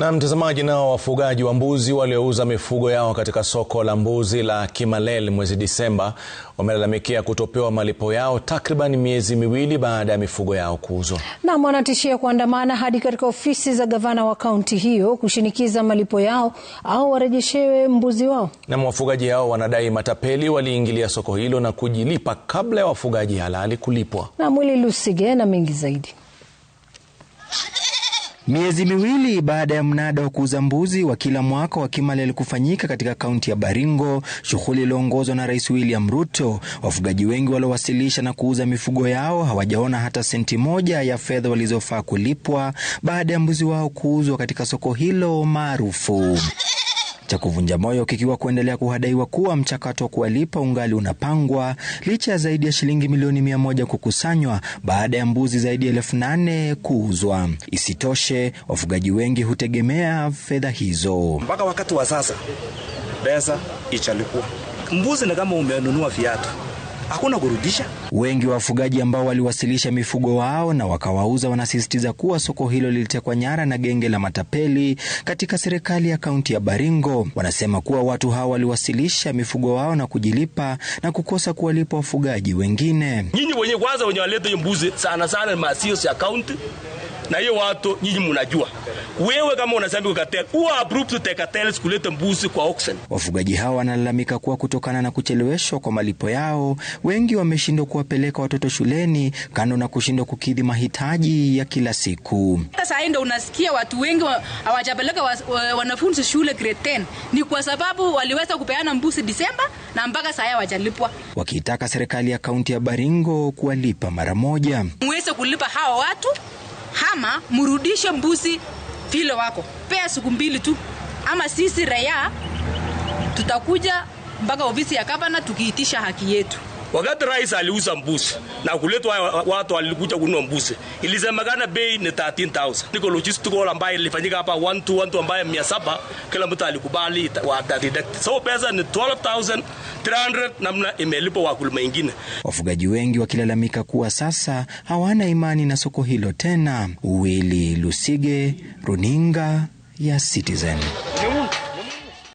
Na mtazamaji, nao wafugaji wa mbuzi waliouza mifugo yao katika soko la mbuzi la Kimalel mwezi Disemba wamelalamikia kutopewa malipo yao takriban miezi miwili baada ya mifugo yao kuuzwa. nam wanatishia kuandamana hadi katika ofisi za gavana wa kaunti hiyo kushinikiza malipo yao au warejeshewe mbuzi wao. na wafugaji hao wanadai matapeli waliingilia soko hilo na kujilipa kabla ya wafugaji halali kulipwa. Na mwili Lusige na mengi zaidi Miezi miwili baada ya mnada wa kuuza mbuzi wa kila mwaka wa kimaleli kufanyika katika kaunti ya Baringo, shughuli iliongozwa na Rais William Ruto, wafugaji wengi waliowasilisha na kuuza mifugo yao hawajaona hata senti moja ya fedha walizofaa kulipwa baada ya mbuzi wao kuuzwa katika soko hilo maarufu. Cha kuvunja moyo kikiwa kuendelea kuhadaiwa kuwa mchakato wa kuwalipa ungali unapangwa licha ya zaidi ya shilingi milioni mia moja kukusanywa baada ya mbuzi zaidi ya elfu nane kuuzwa. Isitoshe, wafugaji wengi hutegemea fedha hizo mpaka wakati wa sasa pesa ichalikua mbuzi, ni kama umenunua viatu hakuna kurudisha. Wengi wa wafugaji ambao waliwasilisha mifugo wao na wakawauza wanasisitiza kuwa soko hilo lilitekwa nyara na genge la matapeli katika serikali ya kaunti ya Baringo. Wanasema kuwa watu hao waliwasilisha mifugo wao na kujilipa na kukosa kuwalipa wafugaji wengine. Nyinyi wenye kwanza wenye walete hiyo mbuzi sana sana masio ya kaunti na hiyo watu nyinyi mnajua. Wewe kama unasambia cartel, uwa abrupt the cartels kuleta mbuzi kwa oxen. Wafugaji hawa wanalalamika kuwa kutokana na kucheleweshwa kwa malipo yao, wengi wameshindwa kuwapeleka watoto shuleni, kando na kushindwa kukidhi mahitaji ya kila siku. Sasa hii ndio unasikia watu wengi hawajapeleka wa, wa, wa, wanafunzi shule grade 10 ni kwa sababu waliweza kupeana mbuzi Disemba na mpaka saa hii hawajalipwa, wakiitaka serikali ya kaunti ya Baringo kuwalipa mara moja, muweze kulipa hawa watu hama murudishe mbuzi vile wako, pea siku mbili tu, ama sisi raia tutakuja mpaka ofisi ya gavana tukiitisha haki yetu. Wakati rais aliuza mbuzi na kuletwa watu walikuja kununua mbuzi, ilisemekana bei ni 13000. Niko logistics hall ambayo ilifanyika hapa 1212 ambayo 700 kila mtu alikubali wa deduct. So pesa ni 12300 namna imelipwa wakulima wengine. Wafugaji wengi wakilalamika kuwa sasa hawana imani na soko hilo tena. Willy Lusige, Runinga ya Citizen.